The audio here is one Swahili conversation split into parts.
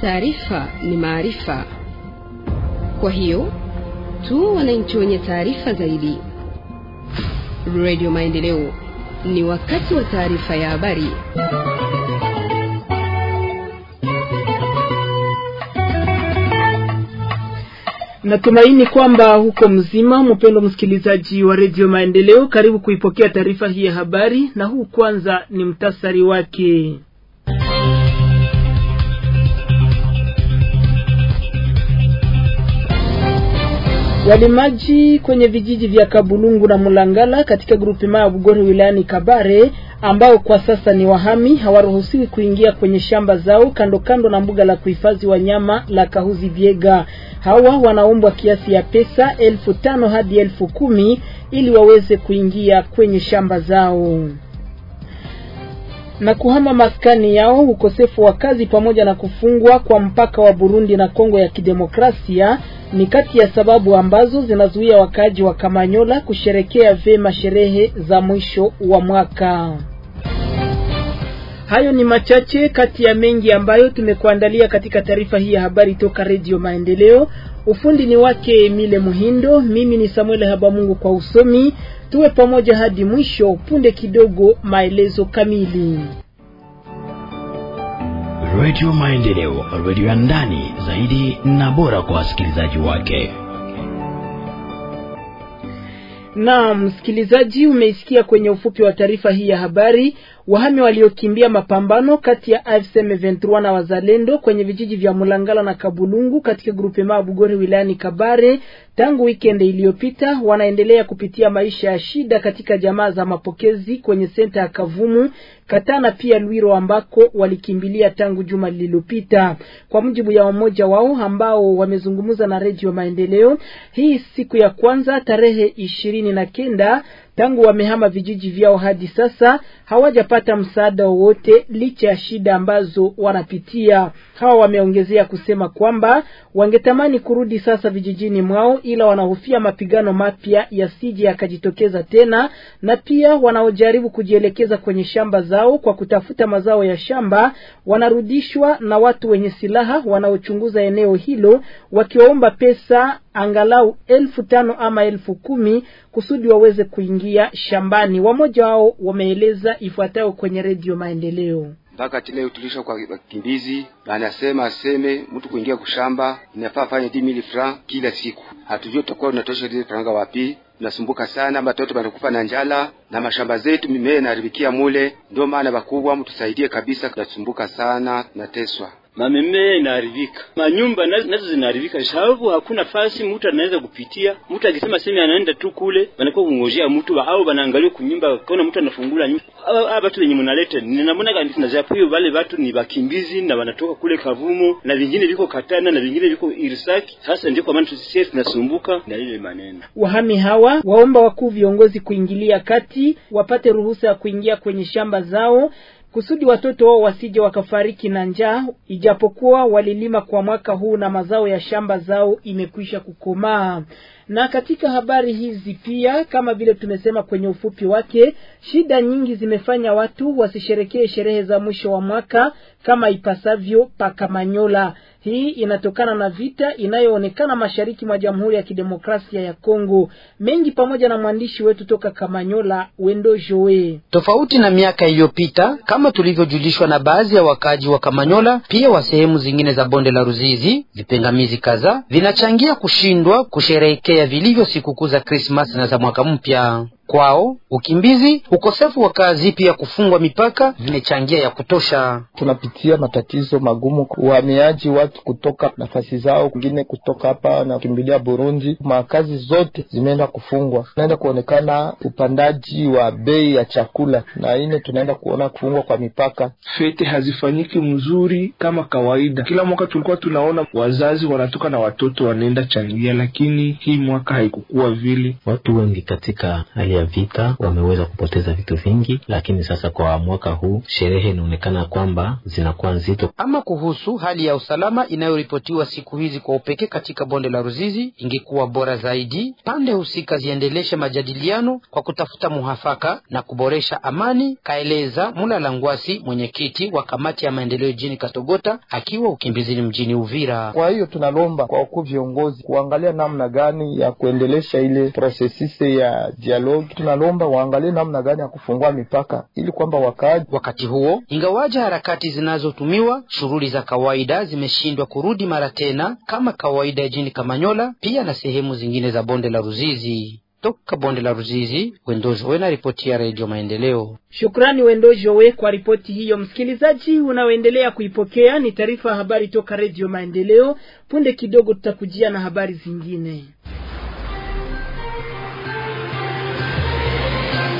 Taarifa ni maarifa, kwa hiyo tu wananchi wenye taarifa zaidi. Radio Maendeleo, ni wakati wa taarifa ya habari. Natumaini kwamba huko mzima, mpendo msikilizaji wa redio Maendeleo, karibu kuipokea taarifa hii ya habari, na huu kwanza ni mtasari wake. Walimaji kwenye vijiji vya Kabulungu na Mulangala katika maya ya Bugore wilayani Kabare ambao kwa sasa ni wahami hawaruhusiwi kuingia kwenye shamba zao kando kando na mbuga la kuhifadhi wanyama la Kahuzi Biega. Hawa wanaombwa kiasi ya pesa elfu tano hadi elfu kumi ili waweze kuingia kwenye shamba zao na kuhama maskani yao, ukosefu wa kazi pamoja na kufungwa kwa mpaka wa Burundi na Kongo ya Kidemokrasia ni kati ya sababu ambazo zinazuia wakaaji wa Kamanyola kusherekea vyema sherehe za mwisho wa mwaka. Hayo ni machache kati ya mengi ambayo tumekuandalia katika taarifa hii ya habari toka Redio Maendeleo. Ufundi ni wake Emile Muhindo, mimi ni Samuel Habamungu kwa usomi. Tuwe pamoja hadi mwisho. Punde kidogo, maelezo kamili. Radio Maendeleo, radio ya ndani zaidi na bora kwa wasikilizaji wake. Na msikilizaji, umeisikia kwenye ufupi wa taarifa hii ya habari Wahame waliokimbia mapambano kati ya AFC M23 na wazalendo kwenye vijiji vya Mulangala na Kabulungu katika grupe ya Bugore wilayani Kabare tangu weekend iliyopita wanaendelea kupitia maisha ya shida katika jamaa za mapokezi kwenye senta ya Kavumu, Katana pia Lwiro ambako walikimbilia tangu juma lililopita. Kwa mujibu ya mmoja wao ambao wamezungumza na Redio Maendeleo, hii siku ya kwanza tarehe ishirini na kenda Tangu wamehama vijiji vyao hadi sasa hawajapata msaada wowote licha ya shida ambazo wanapitia. Hawa wameongezea kusema kwamba wangetamani kurudi sasa vijijini mwao, ila wanahofia mapigano mapya yasije yakajitokeza tena, na pia wanaojaribu kujielekeza kwenye shamba zao kwa kutafuta mazao ya shamba wanarudishwa na watu wenye silaha wanaochunguza eneo hilo wakiwaomba pesa angalau elfu tano ama elfu kumi kusudi waweze kuingia shambani. Wamoja wao wameeleza ifuatayo kwenye Redio Maendeleo mpaka chile utulisha kwa wakimbizi na anasema aseme mtu kuingia kushamba inafaa afanye mili francs kila siku. Hatujui tutakuwa tunatosha hizo franga wapi? Tunasumbuka sana, batoto banakufa na njala na mashamba zetu mimea inaharibikia mule. Ndio maana bakubwa mtusaidie kabisa, tunasumbuka sana, tunateswa mamemea inaharibika, manyumba nazo zinaharibika, sababu hakuna fasi mtu anaweza kupitia. Mtu akisema sema anaenda tu kule, wanakuwa kungojea mtu au wanaangalia kunyumba, kaona mtu anafungula nyumba. Hao watu wenye mnaleta ninamona kanisa za hiyo, wale watu ni wakimbizi na wanatoka kule Kavumo na vingine viko Katana na vingine viko Irisaki. Sasa ndio kwa maana sisi tunasumbuka na ile maneno. Wahami hawa waomba wakuu viongozi kuingilia kati, wapate ruhusa ya kuingia kwenye shamba zao kusudi watoto wao wasije wakafariki na njaa, ijapokuwa walilima kwa mwaka huu na mazao ya shamba zao imekwisha kukomaa. Na katika habari hizi pia, kama vile tumesema kwenye ufupi wake, shida nyingi zimefanya watu wasisherekee sherehe za mwisho wa mwaka kama ipasavyo Pakamanyola. Hii inatokana na vita inayoonekana mashariki mwa Jamhuri ya Kidemokrasia ya Kongo. Mengi pamoja na mwandishi wetu toka Kamanyola, Wendo Joe. Tofauti na miaka iliyopita, kama tulivyojulishwa na baadhi ya wakaji wa Kamanyola, pia wa sehemu zingine za bonde la Ruzizi, vipingamizi kadhaa vinachangia kushindwa kusherehekea ya vilivyo sikukuu za Krismas na za mwaka mpya kwao ukimbizi, ukosefu wa kazi, pia kufungwa mipaka vimechangia ya kutosha. Tunapitia matatizo magumu, uhamiaji, watu kutoka nafasi zao, wengine kutoka hapa na kukimbilia Burundi. Makazi zote zimeenda kufungwa, tunaenda kuonekana upandaji wa bei ya chakula, na ine tunaenda kuona kufungwa kwa mipaka. Fete hazifanyiki mzuri kama kawaida. Kila mwaka tulikuwa tunaona wazazi wanatoka na watoto wanaenda changia, lakini hii mwaka haikukuwa vile. Watu wengi katika hali ya vita wameweza kupoteza vitu vingi, lakini sasa kwa mwaka huu sherehe inaonekana kwamba zinakuwa nzito. Ama kuhusu hali ya usalama inayoripotiwa siku hizi kwa upekee katika bonde la Ruzizi, ingekuwa bora zaidi pande husika ziendeleshe majadiliano kwa kutafuta muhafaka na kuboresha amani, kaeleza Mulala Ngwasi, mwenyekiti wa kamati ya maendeleo jijini Katogota, akiwa ukimbizini mjini Uvira. Kwa hiyo tunalomba kwa wakuu viongozi kuangalia namna gani ya kuendelesha ile prosesise ya dialogue tunalomba waangalie namna gani ya kufungua mipaka ili kwamba wakaaji. Wakati huo, ingawaja harakati zinazotumiwa, shughuli za kawaida zimeshindwa kurudi mara tena kama kawaida jini Kamanyola pia na sehemu zingine za bonde la Ruzizi. Toka bonde la Ruzizi, we na ripoti ya Redio Maendeleo. Shukrani Wendojowe kwa ripoti hiyo. Msikilizaji unaoendelea kuipokea, ni taarifa ya habari toka Redio Maendeleo. Punde kidogo tutakujia na habari zingine.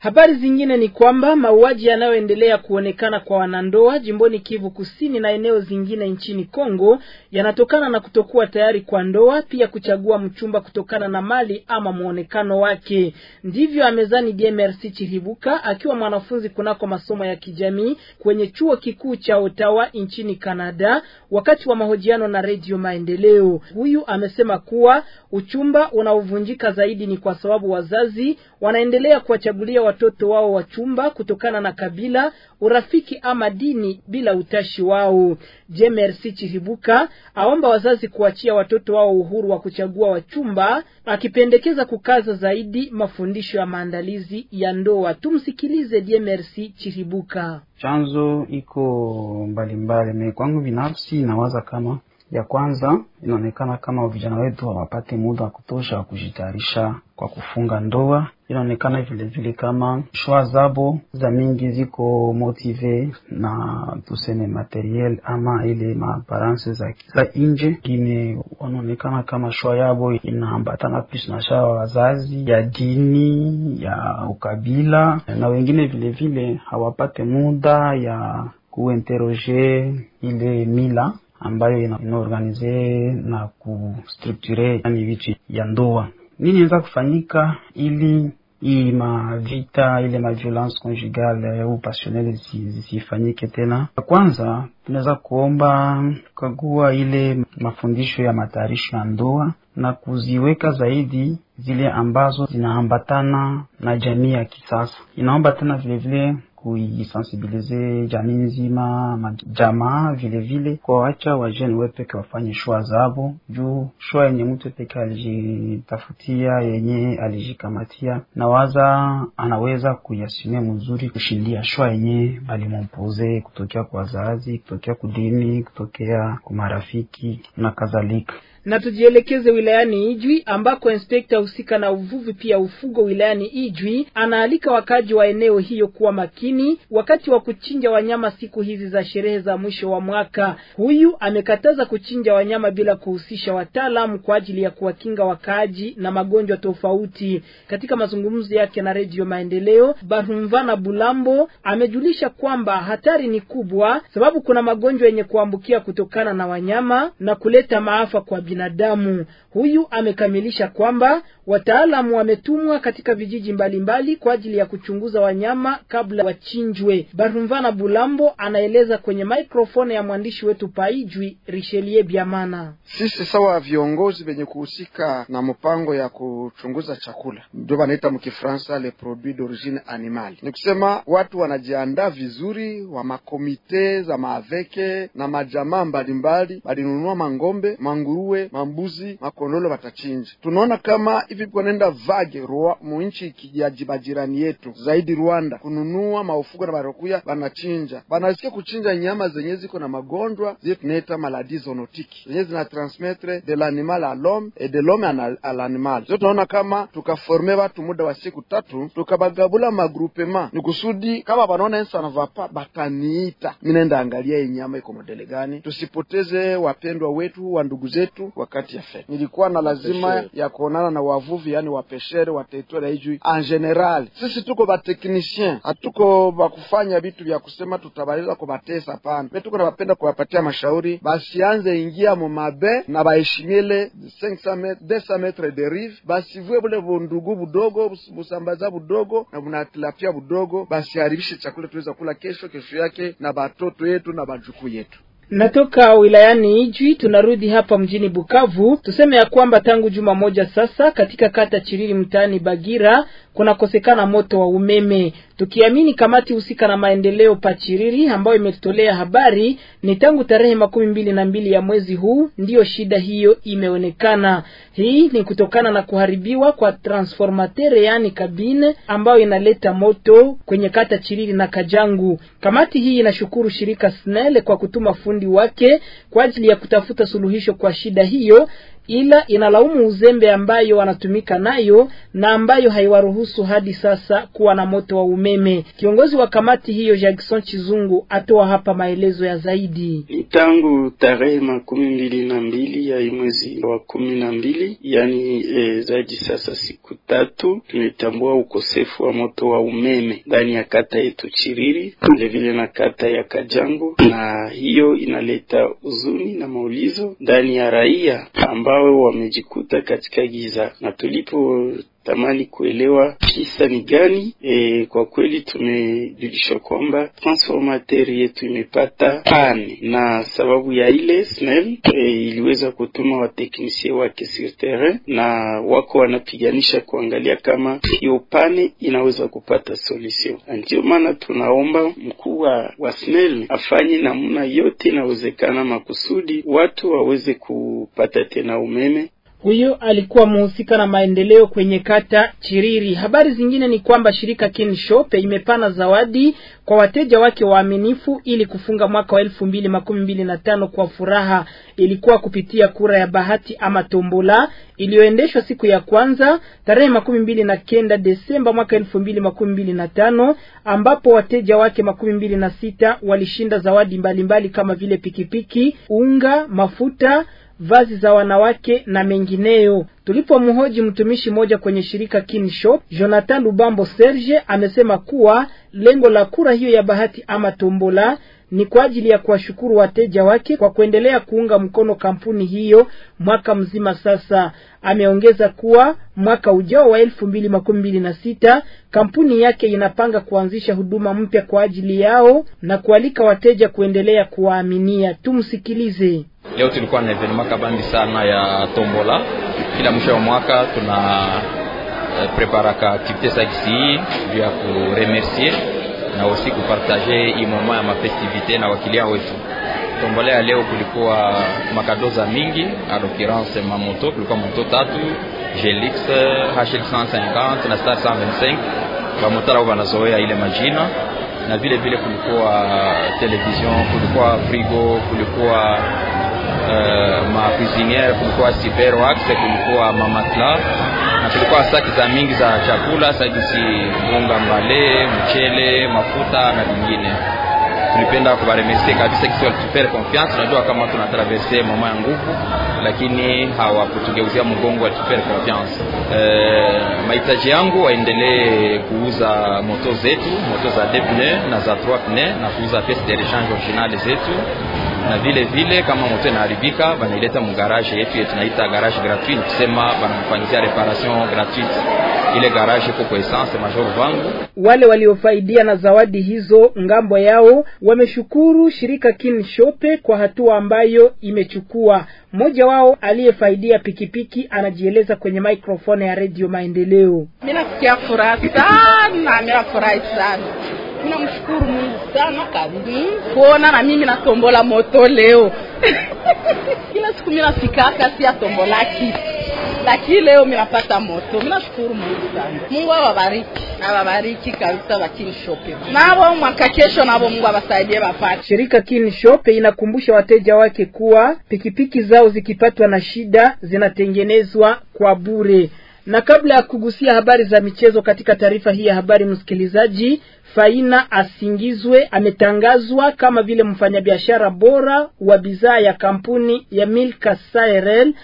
Habari zingine ni kwamba mauaji yanayoendelea kuonekana kwa wanandoa jimboni Kivu Kusini na eneo zingine nchini Kongo yanatokana na kutokuwa tayari kwa ndoa, pia kuchagua mchumba kutokana na mali ama mwonekano wake. Ndivyo amezani DMRC Chiribuka akiwa mwanafunzi kunako masomo ya kijamii kwenye chuo kikuu cha Ottawa nchini Kanada, wakati wa mahojiano na Redio Maendeleo. Huyu amesema kuwa uchumba unaovunjika zaidi ni kwa sababu wazazi wanaendelea kuwachagulia watoto wao wachumba kutokana na kabila, urafiki ama dini bila utashi wao. Jemersi Chihibuka aomba wazazi kuachia watoto wao uhuru wa kuchagua wachumba, akipendekeza kukaza zaidi mafundisho ya maandalizi ya ndoa. Tumsikilize Jemersi Chihibuka. Chanzo iko mbalimbali, mimi kwangu binafsi nawaza kama ya kwanza inaonekana kama vijana wetu hawapate muda wa kutosha wa kujitayarisha kwa kufunga ndoa. Inaonekana vile vile kama shwa zabo za mingi ziko motive na tuseme materiel ama ile maparanse za, za nje Ingine wanaonekana kama shwa yabo inaambatana plus na wa wazazi ya dini ya ukabila, na wengine vile vile hawapate muda ya kuinteroge ile mila ambayo inaorganize na kustrukture yani vitu ya ndoa. Nini inaweza kufanyika ili hii mavita ile maviolence conjugale au passionnelle zisifanyike tena? Kwanza tunaweza kuomba kukagua ile mafundisho ya matayarisho ya ndoa na kuziweka zaidi zile ambazo zinaambatana na jamii ya kisasa. Inaomba tena vilevile kuisensibilize jamii nzima, jamaa vile vile, kwa wacha we wepeke wafanye shua zabo, juu shua yenye mtu peke alijitafutia yenye alijikamatia na waza anaweza kuyasimia mzuri kushindia shua yenye balimompoze kutokea kwa wazazi, kutokea kudini, kutokea kumarafiki na kadhalika. Na tujielekeze wilayani Ijwi ambako inspekta husika na uvuvi pia ufugo wilayani Ijwi anaalika wakaji wa eneo hiyo kuwa makini wakati wa kuchinja wanyama siku hizi za sherehe za mwisho wa mwaka. Huyu amekataza kuchinja wanyama bila kuhusisha wataalamu kwa ajili ya kuwakinga wakaji na magonjwa tofauti. Katika mazungumzo yake na Redio Maendeleo, Barumvana Bulambo amejulisha kwamba hatari ni kubwa, sababu kuna magonjwa yenye kuambukia kutokana na wanyama na kuleta maafa kwa binadamu binadamu. Huyu amekamilisha kwamba wataalamu wametumwa katika vijiji mbalimbali mbali kwa ajili ya kuchunguza wanyama kabla wachinjwe. Barumvana Bulambo anaeleza kwenye mikrofone ya mwandishi wetu Paijwi richelie Biamana. Sisi sawa viongozi venye kuhusika na mpango ya kuchunguza chakula, ndio wanaita mkifransa le produit d'origine animal, ni kusema watu wanajiandaa vizuri wa makomite za maaveke na majamaa mbalimbali, walinunua mangombe, manguruwe ng'ombe mambuzi, makondolo watachinja. Tunaona kama hivi kunaenda vage roa muinchi yajibajirani yetu zaidi Rwanda kununua maofuko na barokuya wanachinja wanasikia kuchinja nyama zenye ziko na magonjwa zile tunaita maladi zonotiki zenye zina transmetre de l'animal à l'homme et de l'homme à l'animal. Zo tunaona kama tukaforme watu muda wa siku tatu tukabagabula magrupema ni kusudi kama wanaona ensi anavapa bataniita, minaenda angalia ye iko modele gani. Tusipoteze wapendwa wetu wa ndugu zetu wakati ya fete. Nilikuwa na lazima ya kuonana na wavuvi, yani wapeshere wa teritwari ya en general. Sisi tuko technicien, hatuko kufanya vitu vya kusema tutabaliza kubatesa, hapana. Mimi tuko napenda kuwapatia mashauri, basianze ingia mu mabe na baheshimile 200 metre de rive, basivue bule bundugu budogo busambaza budogo na bunatilapia budogo, basiharibishe chakula tuweza kula kesho kesho yake na batoto yetu na bajukuu yetu. Natoka wilayani Ijwi tunarudi hapa mjini Bukavu. Tuseme ya kwamba tangu juma moja sasa katika kata Chiriri mtaani Bagira kunakosekana moto wa umeme. Tukiamini kamati husika na maendeleo Pachiriri ambayo imetolea habari, ni tangu tarehe makumi mbili na mbili ya mwezi huu ndiyo shida hiyo imeonekana. Hii ni kutokana na kuharibiwa kwa transformateur yaani kabine ambayo inaleta moto kwenye kata Chiriri na Kajangu. Kamati hii inashukuru shirika SNEL kwa kutuma fundi wake kwa ajili ya kutafuta suluhisho kwa shida hiyo ila inalaumu uzembe ambayo wanatumika nayo na ambayo haiwaruhusu hadi sasa kuwa na moto wa umeme. Kiongozi wa kamati hiyo Jackson Chizungu atoa hapa maelezo ya zaidi. Tangu tarehe makumi mbili na mbili ya mwezi wa kumi na mbili yani e, zaidi sasa siku tatu, tumetambua ukosefu wa moto wa umeme ndani ya kata yetu Chiriri vilevile na kata ya kajango na hiyo inaleta huzuni na maulizo ndani ya raia ambao wawe wamejikuta katika giza, na tulipo tamani kuelewa kisa ni gani. E, kwa kweli tumejulishwa kwamba transformateur yetu imepata pane, na sababu ya ile SNEL e, iliweza kutuma wateknisie wake sur terrain na wako wanapiganisha kuangalia kama hiyo pane inaweza kupata solution. Ndio maana tunaomba mkuu wa SNEL afanye namna yote inawezekana makusudi watu waweze kupata tena umeme huyo alikuwa mhusika na maendeleo kwenye kata Chiriri. Habari zingine ni kwamba shirika Kinshope imepana zawadi kwa wateja wake waaminifu ili kufunga mwaka wa elfu mbili makumi mbili na tano kwa furaha. Ilikuwa kupitia kura ya bahati ama tombola iliyoendeshwa siku ya kwanza tarehe makumi mbili na kenda Desemba mwaka elfu mbili makumi mbili na tano ambapo wateja wake makumi mbili na sita walishinda zawadi mbalimbali mbali kama vile pikipiki, unga, mafuta vazi za wanawake na mengineyo. Tulipomhoji mtumishi mmoja kwenye shirika Kinshop, Jonathan Lubambo Serge amesema kuwa lengo la kura hiyo ya bahati ama tombola ni kwa ajili ya kuwashukuru wateja wake kwa kuendelea kuunga mkono kampuni hiyo mwaka mzima sasa. Ameongeza kuwa mwaka ujao wa elfu mbili makumi mbili na sita kampuni yake inapanga kuanzisha huduma mpya kwa ajili yao na kualika wateja kuendelea kuwaaminia. Tumsikilize. Leo tulikuwa na evenement kabambi sana ya tombola. Kila mwisho wa mwaka tuna eh, preparaka activite za kisii juu ya kuremercier na osi kupartage hii moma ya mafestivite na wakilia wetu. Tombola ya leo kulikuwa makadoza mingi adokirance mamoto, kulikuwa moto tatu Gelix H150 na Star 125 bamotala banazoea ile majina na vile vile kulikuwa eh, television, kulikuwa frigo, kulikuwa uh, makuisiniere, kulikuwa Siberwax, kulikuwa Mamatla na kulikuwa saki za mingi za chakula sagisi unga, mbale, mchele, mafuta na vingine. Tulipenda kubaremesie kabisa kisi walitupere confiance. Unajua kama tunatraverse mama ya nguvu, lakini hawakutugeuzia mgongo, walitupere confiance. E, mahitaji yangu waendelee kuuza moto zetu, moto za deux pneus na za trois pneus na kuuza piece de rechange originale zetu na vile vile kama moto inaharibika banaileta mugaraje yetu yetu tunaita garage gratuit, kusema banamfanyizia reparation gratuite. Ile garage iko kwa essence major vangu. Wale waliofaidia na zawadi hizo ngambo yao wameshukuru shirika Kinshope kwa hatua ambayo imechukua. Mmoja wao aliyefaidia pikipiki anajieleza kwenye maikrofoni ya Radio Maendeleo. Mimi nasikia furaha sana, mimi nafurahi sana Ninamshukuru Mungu sana kabisa kuona na mimi natombola moto leo. Kila siku mimi nafikaka si atombola kitu, lakini leo mimi napata moto. Ninashukuru Mungu sana. Mungu awabariki na wabariki kabisa wa Kin Shoppe. Nao mwaka kesho nao Mungu awasaidie wapate. Shirika Kin Shoppe inakumbusha wateja wake kuwa pikipiki zao zikipatwa na shida zinatengenezwa kwa bure. Na kabla ya kugusia habari za michezo katika taarifa hii ya habari, msikilizaji Faina asingizwe ametangazwa kama vile mfanyabiashara bora wa bidhaa ya kampuni ya Milka Cyrel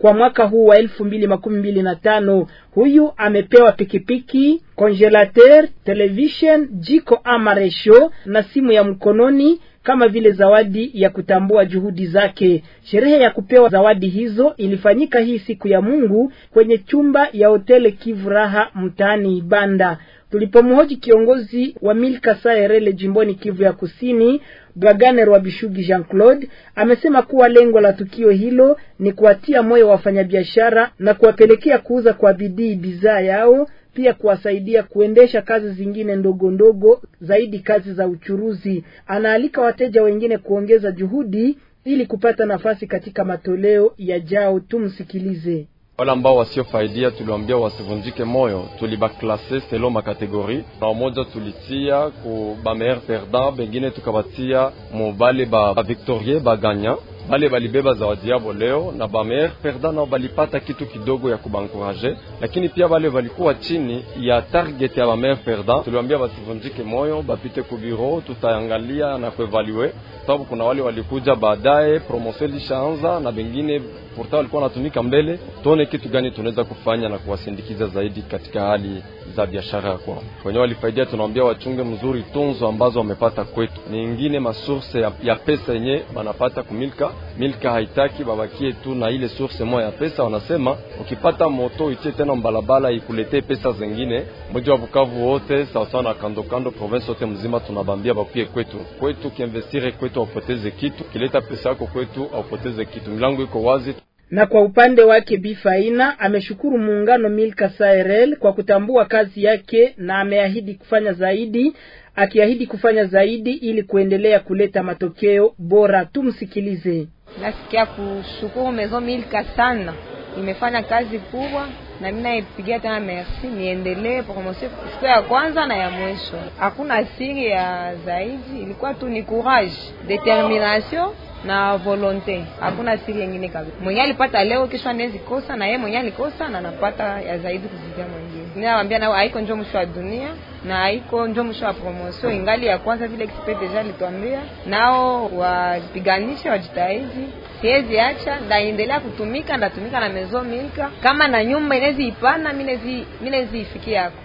kwa mwaka huu wa elfu mbili makumi mbili na tano. Huyu amepewa pikipiki, congelateur, television, jiko ama resho na simu ya mkononi kama vile zawadi ya kutambua juhudi zake. Sherehe ya kupewa zawadi hizo ilifanyika hii siku ya Mungu kwenye chumba ya hoteli Kivuraha mtaani Ibanda tulipomhoji kiongozi wa Milka Saerele jimboni Kivu ya Kusini, Bwagane Rwabishugi Jean Claude amesema kuwa lengo la tukio hilo ni kuwatia moyo wafanyabiashara na kuwapelekea kuuza kwa bidii bidhaa yao, pia kuwasaidia kuendesha kazi zingine ndogo ndogo, zaidi kazi za uchuruzi. Anaalika wateja wengine kuongeza juhudi ili kupata nafasi katika matoleo yajao. Tumsikilize. Wale ambao wasiofaidia tuliwambia wasivunjike moyo, tulibaklase selo makategori na moja tulitia ku bameyer perdant, bengine tukabatia mubale ba victorie baganya bale balibeba zawadi yabo leo na bamer perda nao balipata kitu kidogo ya kubankuraje, lakini pia bale balikuwa chini ya target ya bamer perda tuliwambia basivunjike moyo, bapite ku biro, tutaangalia na kuevalue, sababu kuna wale walikuja baadaye, promotion lishaanza na bengine pourtant walikuwa wanatumika mbele. Tuone kitu gani tunaweza kufanya na kuwasindikiza zaidi katika hali za biashara kwao wenyewe. Walifaidia, tunawambia wachunge mzuri tunzo ambazo wamepata kwetu, ni ingine masource ya, ya pesa yenye wanapata kumilka milka haitaki, babakie tu na ile source moja ya pesa. Wanasema ukipata moto itie tena mbalabala ikuletee pesa zengine. Mji wa Bukavu wote sawasawa na kandokando province yote mzima, tunabambia bakuye kwetu. Kwetu kiinvestire kwetu, aupoteze kitu kileta pesa yako kwetu, aupoteze kitu. Milango iko wazi na kwa upande wake Bifaina ameshukuru muungano Milka Sairel kwa kutambua kazi yake na ameahidi kufanya zaidi akiahidi kufanya zaidi ili kuendelea kuleta matokeo bora. Tumsikilize. Nasikia kushukuru Maison Milka sana, imefanya kazi kubwa na mimi naipigia tena merci, niendelee promotion siku ya kwanza na ya mwisho. Hakuna siri ya zaidi, ilikuwa tu ni courage, determination na volonte, hakuna siri yengine kabisa. Mwenye alipata leo, kesho anaweza kosa na yeye mwenye alikosa na anapata ya zaidi kuzidia mwingine. Ninawaambia nao haiko njo mwisho wa dunia na haiko njo mwisho wa promotion, ingali ya kwanza vile expert deja alituambia, nao wapiganishe, wajitahidi. Siwezi acha, ndaendelea kutumika, ndatumika na mezo milka kama na nyumba inezi ipana, mimi nawezi ifikia yako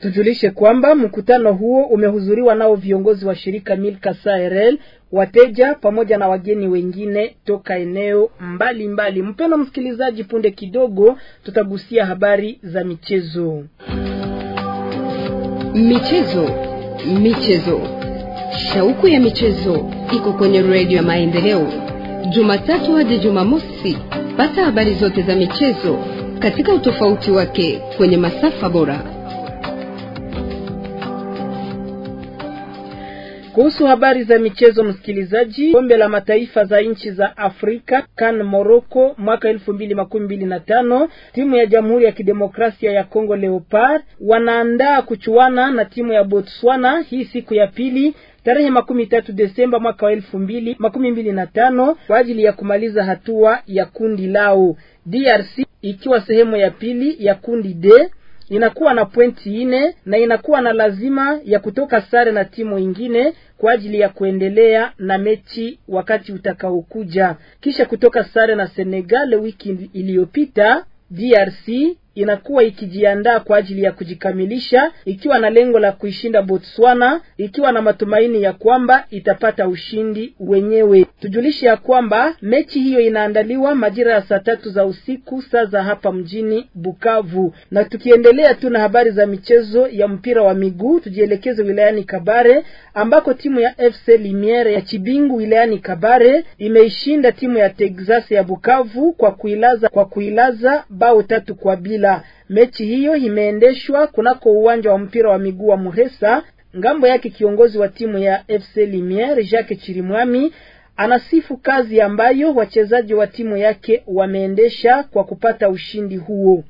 Tujulishe kwamba mkutano huo umehudhuriwa nao viongozi wa shirika Milka Sahel, wateja pamoja na wageni wengine toka eneo mbalimbali. Mpendwa msikilizaji, punde kidogo tutagusia habari za michezo. Michezo, michezo, shauku ya michezo iko kwenye redio ya Maendeleo, Jumatatu hadi Jumamosi. Pata habari zote za michezo katika utofauti wake kwenye masafa bora Kuhusu habari za michezo, msikilizaji, kombe la mataifa za nchi za Afrika CAN Morocco mwaka elfu mbili makumi mbili na tano, timu ya Jamhuri ya Kidemokrasia ya Kongo Leopard wanaandaa kuchuana na timu ya Botswana hii siku ya pili tarehe makumi tatu Desemba mwaka wa elfu mbili makumi mbili na tano kwa ajili ya kumaliza hatua ya kundi lao DRC ikiwa sehemu ya pili ya kundi D inakuwa na pointi ine na inakuwa na lazima ya kutoka sare na timu ingine kwa ajili ya kuendelea na mechi wakati utakaokuja. Kisha kutoka sare na Senegal wiki iliyopita, DRC inakuwa ikijiandaa kwa ajili ya kujikamilisha ikiwa na lengo la kuishinda Botswana ikiwa na matumaini ya kwamba itapata ushindi wenyewe. Tujulishe ya kwamba mechi hiyo inaandaliwa majira ya saa tatu za usiku saa za hapa mjini Bukavu. Na tukiendelea tu na habari za michezo ya mpira wa miguu, tujielekeze wilayani Kabare ambako timu ya FC Limiere ya Chibingu wilayani Kabare imeishinda timu ya Texas ya Bukavu kwa kuilaza kwa kuilaza bao tatu kwa bila. Mechi hiyo imeendeshwa kunako uwanja wa mpira wa miguu wa Muhesa. Ngambo yake kiongozi wa timu ya FC Limiere Jacques Chirimwami Anasifu kazi ambayo wachezaji wa timu yake wameendesha kwa kupata ushindi huo.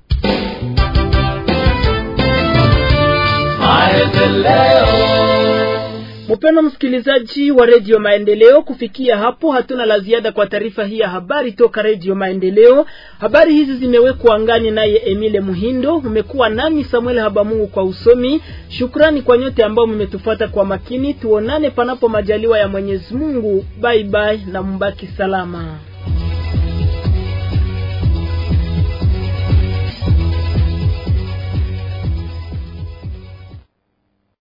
Maendeleo. Mpendwa msikilizaji wa redio Maendeleo, kufikia hapo hatuna la ziada kwa taarifa hii ya habari toka redio Maendeleo. Habari hizi zimewekwa angani naye Emile Muhindo. Umekuwa nami Samuel Habamungu kwa usomi. Shukrani kwa nyote ambao mmetufuata kwa makini. Tuonane panapo majaliwa ya Mwenyezi Mungu. Bye bye na mbaki salama.